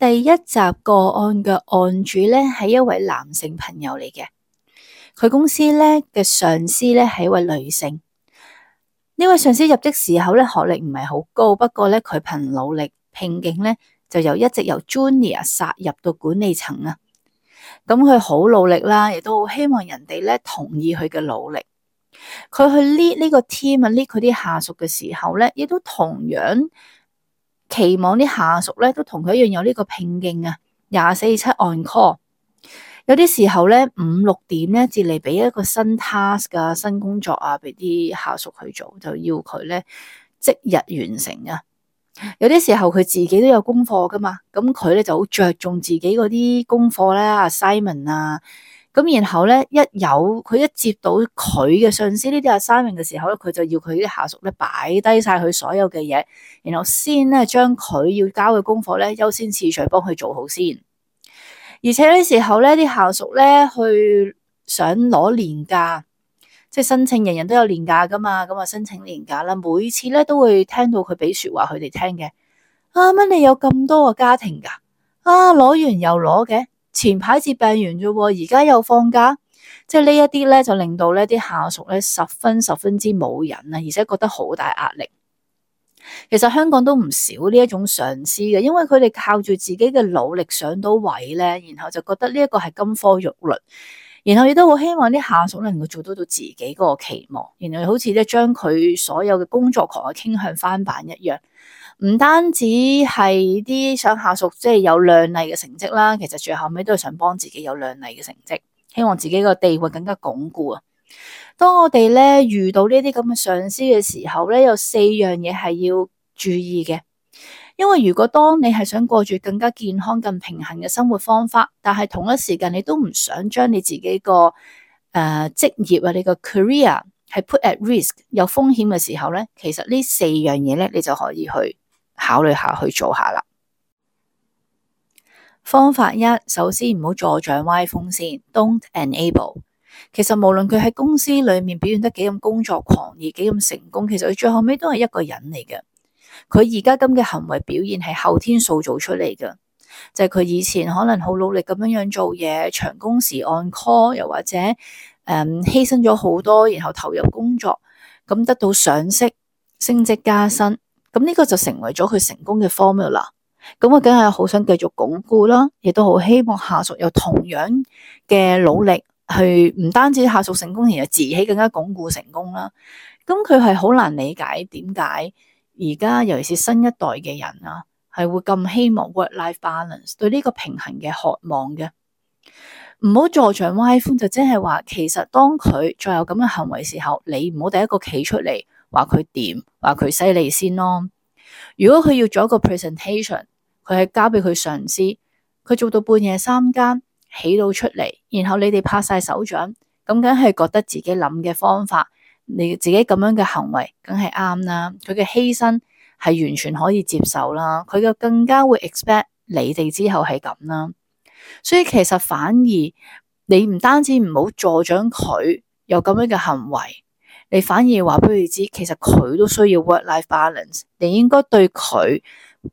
第一集個案嘅案主咧，係一位男性朋友嚟嘅。佢公司咧嘅上司咧係一位女性。呢位上司入職時候咧學歷唔係好高，不過咧佢憑努力拼勁咧就由一直由 junior 殺入到管理層啊。咁佢好努力啦，亦都好希望人哋咧同意佢嘅努力。佢去 lead 呢個 team 啊，lead 佢啲下屬嘅時候咧，亦都同樣。期望啲下屬咧都同佢一樣有呢個拼勁啊！廿四七 on call，有啲時候咧五六點咧至嚟，俾一個新 task 啊、新工作啊，俾啲下屬去做，就要佢咧即日完成啊！有啲時候佢自己都有功課噶嘛，咁佢咧就好着重自己嗰啲功課啦，assignment 啊。咁然後咧，一有佢一接到佢嘅上司呢啲阿三名嘅時候咧，佢就要佢啲下屬咧擺低晒佢所有嘅嘢，然後先咧將佢要交嘅功課咧優先次序幫佢做好先。而且呢時候咧，啲下屬咧去想攞年假，即係申請，人人都有年假噶嘛，咁啊申請年假啦，每次咧都會聽到佢俾說話佢哋聽嘅。啊乜你有咁多個家庭噶？啊攞完又攞嘅？前排節病完啫，而家又放假，即係呢一啲咧，就令到咧啲下屬咧十分十分之冇癮啊，而且覺得好大壓力。其實香港都唔少呢一種上司嘅，因為佢哋靠住自己嘅努力上到位咧，然後就覺得呢一個係金科玉律，然後亦都好希望啲下屬能夠做到到自己嗰個期望，然後好似咧將佢所有嘅工作狂嘅傾向翻版一樣。唔單止係啲想下屬即係有靚麗嘅成績啦，其實最後尾都係想幫自己有靚麗嘅成績，希望自己個地位更加鞏固啊！當我哋咧遇到呢啲咁嘅上司嘅時候咧，有四樣嘢係要注意嘅，因為如果當你係想過住更加健康、更平衡嘅生活方法，但係同一時間你都唔想將你自己個誒、呃、職業啊，你個 career 係 put at risk 有風險嘅時候咧，其實呢四樣嘢咧，你就可以去。考慮下去做下啦。方法一，首先唔好助長歪風先。Don't enable。其實無論佢喺公司裏面表現得幾咁工作狂，而幾咁成功，其實佢最後尾都係一個人嚟嘅。佢而家咁嘅行為表現係後天塑造出嚟嘅，就係、是、佢以前可能好努力咁樣樣做嘢，長工時按 call，又或者誒嗯、犧牲咗好多，然後投入工作，咁得到賞識、升職、加薪。咁呢個就成為咗佢成功嘅 formula。咁我梗係好想繼續鞏固啦，亦都好希望下屬有同樣嘅努力去，唔單止下屬成功，而係自己更加鞏固成功啦。咁佢係好難理解點解而家尤其是新一代嘅人啊，係會咁希望 work-life balance，對呢個平衡嘅渴望嘅。唔好助長歪風，就即係話，其實當佢再有咁嘅行為時候，你唔好第一個企出嚟話佢掂，話佢犀利先咯。如果佢要做一個 presentation，佢係交俾佢上司，佢做到半夜三更起到出嚟，然後你哋拍晒手掌，咁梗係覺得自己諗嘅方法，你自己咁樣嘅行為，梗係啱啦。佢嘅犧牲係完全可以接受啦，佢就更加會 expect 你哋之後係咁啦。所以其實反而你唔單止唔好助長佢有咁樣嘅行為，你反而話俾佢知，其實佢都需要 work life balance。你應該對佢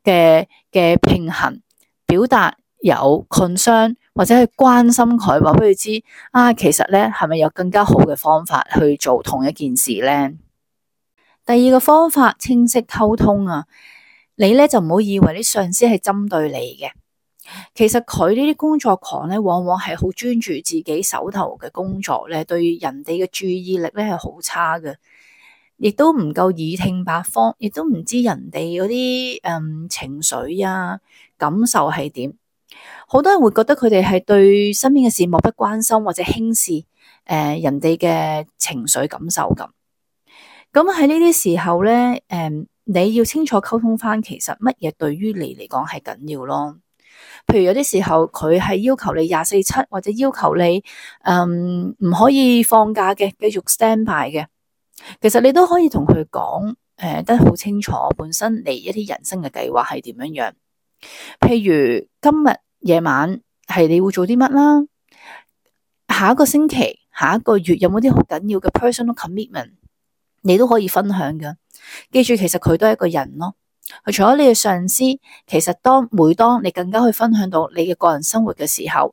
嘅嘅平衡表達有 concern，或者係關心佢，話俾佢知啊。其實咧係咪有更加好嘅方法去做同一件事咧？第二個方法，清晰溝通啊，你咧就唔好以為你上司係針對你嘅。其實佢呢啲工作狂咧，往往係好專注自己手頭嘅工作咧，對人哋嘅注意力咧係好差嘅，亦都唔夠耳聽八方，亦都唔知人哋嗰啲誒情緒啊感受係點。好多人會覺得佢哋係對身邊嘅事漠不關心，或者輕視誒、呃、人哋嘅情緒感受咁。咁喺呢啲時候咧，誒、呃、你要清楚溝通翻，其實乜嘢對於你嚟講係緊要咯。譬如有啲時候佢係要求你廿四七，或者要求你，嗯唔可以放假嘅，繼續 stand by 嘅。其實你都可以同佢講，誒得好清楚，本身你一啲人生嘅計劃係點樣樣。譬如今日夜晚係你會做啲乜啦？下一個星期、下一個月有冇啲好緊要嘅 personal commitment？你都可以分享㗎。記住，其實佢都係一個人咯。佢除咗你嘅上司，其實當每當你更加去分享到你嘅個人生活嘅時候，誒、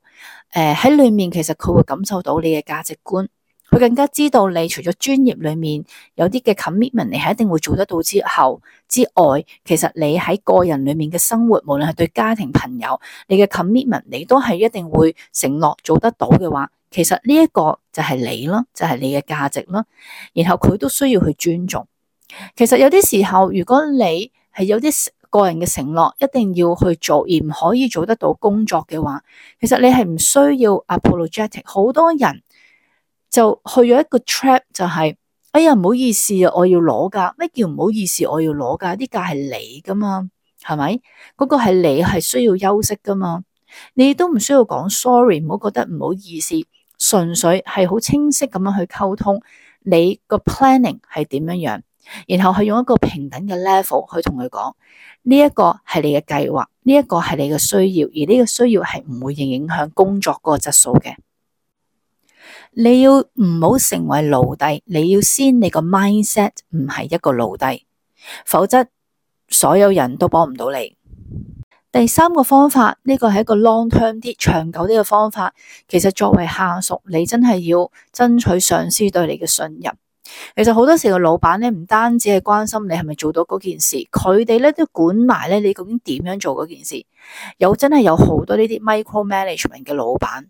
呃、喺裏面其實佢會感受到你嘅價值觀，佢更加知道你除咗專業裏面有啲嘅 commitment 你係一定會做得到之後之外，其實你喺個人裏面嘅生活，無論係對家庭朋友，你嘅 commitment 你都係一定會承諾做得到嘅話，其實呢一個就係你囉，就係、是、你嘅價值囉，然後佢都需要去尊重。其實有啲時候，如果你係有啲個人嘅承諾，一定要去做，而唔可以做得到工作嘅話，其實你係唔需要 apologetic。好多人就去咗一個 trap，就係、是、哎呀唔好意思啊，我要攞㗎。咩叫唔好，那個、好意思？我要攞㗎？啲假係你㗎嘛？係咪？嗰個係你係需要休息㗎嘛？你都唔需要講 sorry，唔好覺得唔好意思，純粹係好清晰咁樣去溝通你個 planning 係點樣樣。然後去用一個平等嘅 level 去同佢講，呢一個係你嘅計劃，呢一個係你嘅需要，而呢個需要係唔會影影響工作嗰個質素嘅。你要唔好成為奴隸，你要先你個 mindset 唔係一個奴隸，否則所有人都幫唔到你。第三個方法，呢個係一個 long term 啲、長久啲嘅方法，其實作為下屬，你真係要爭取上司對你嘅信任。其實好多時個老闆咧，唔單止係關心你係咪做到嗰件事，佢哋咧都管埋咧你究竟點樣做嗰件事，有真係有好多呢啲 micro management 嘅老闆。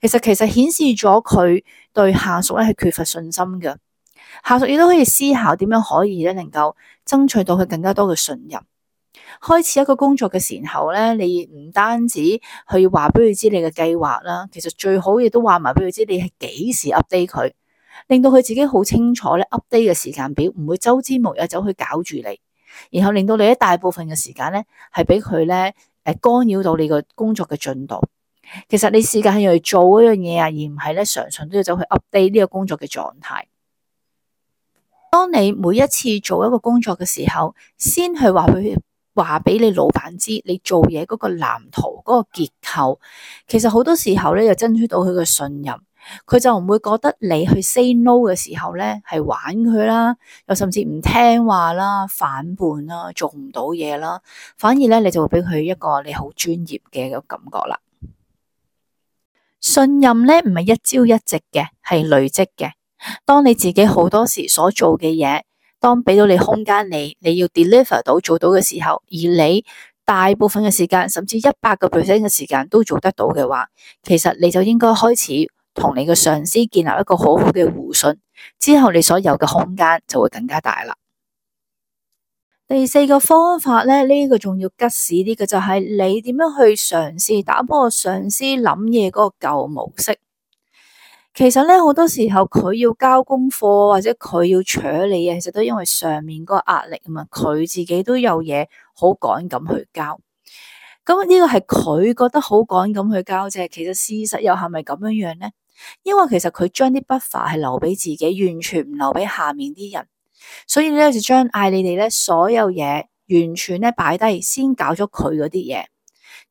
其實其實顯示咗佢對下屬咧係缺乏信心嘅，下屬亦都可以思考點樣可以咧能夠爭取到佢更加多嘅信任。開始一個工作嘅時候咧，你唔單止去話俾佢知你嘅計劃啦，其實最好亦都話埋俾佢知你係幾時 update 佢。令到佢自己好清楚咧 update 嘅時間表，唔會周之無日走去搞住你，然後令到你一大部分嘅時間咧係俾佢咧誒干擾到你個工作嘅進度。其實你時間係用嚟做嗰樣嘢啊，而唔係咧常常都要走去 update 呢個工作嘅狀態。當你每一次做一個工作嘅時候，先去話佢話俾你老闆知你做嘢嗰個藍圖嗰個結構，其實好多時候咧又爭取到佢嘅信任。佢就唔會覺得你去 say no 嘅時候咧係玩佢啦，又甚至唔聽話啦、反叛啦、做唔到嘢啦，反而咧你就會俾佢一個你好專業嘅一個感覺啦。信任咧唔係一朝一夕嘅，係累積嘅。當你自己好多時所做嘅嘢，當俾到你空間你你要 deliver 到做到嘅時候，而你大部分嘅時間，甚至一百個 percent 嘅時間都做得到嘅話，其實你就應該開始。同你嘅上司建立一個好好嘅互信之後，你所有嘅空間就會更加大啦。第四個方法咧，呢、這個仲要吉屎啲嘅就係、是、你點樣去嘗試打破上司諗嘢嗰個舊模式。其實咧好多時候佢要交功課或者佢要坐你啊，其實都因為上面嗰個壓力啊嘛，佢自己都有嘢好趕咁去交。咁、嗯、呢、這個係佢覺得好趕咁去交啫，其實事實又係咪咁樣樣咧？因為其實佢將啲 buffer 係留俾自己，完全唔留俾下面啲人，所以咧就將、是、嗌你哋咧所有嘢完全咧擺低，先搞咗佢嗰啲嘢，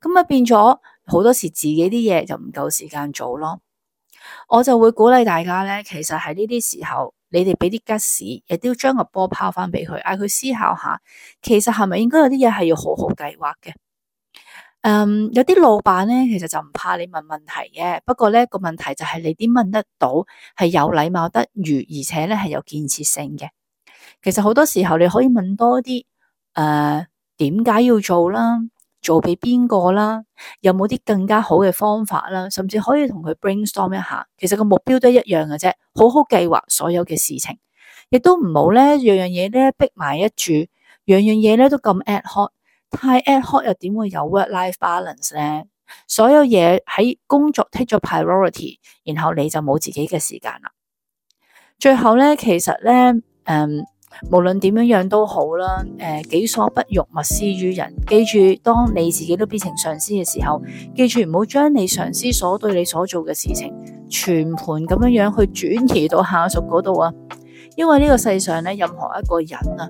咁啊變咗好多時自己啲嘢就唔夠時間做咯。我就會鼓勵大家咧，其實喺呢啲時候，你哋俾啲吉士，亦都要將個波拋翻俾佢，嗌佢思考下，其實係咪應該有啲嘢係要好好計劃嘅。嗯，um, 有啲老闆咧，其實就唔怕你問問題嘅。不過咧，個問題就係你點問得到，係有禮貌得如，而且咧係有建設性嘅。其實好多時候你可以問多啲，誒、呃，點解要做啦？做俾邊個啦？有冇啲更加好嘅方法啦？甚至可以同佢 brainstorm 一下。其實個目標都一樣嘅啫，好好計劃所有嘅事情，亦都唔好咧，樣樣嘢，咧逼埋一住，樣樣嘢咧都咁 ad hoc。太 ad hoc 又點會有 work life balance 咧？所有嘢喺工作 take 咗 priority，然後你就冇自己嘅時間啦。最後咧，其實咧，誒、嗯，無論點樣樣都好啦，誒、呃，己所不欲，勿施於人。記住，當你自己都變成上司嘅時候，記住唔好將你上司所對你所做嘅事情，全盤咁樣樣去轉移到下屬嗰度啊。因為呢個世上咧，任何一個人啊。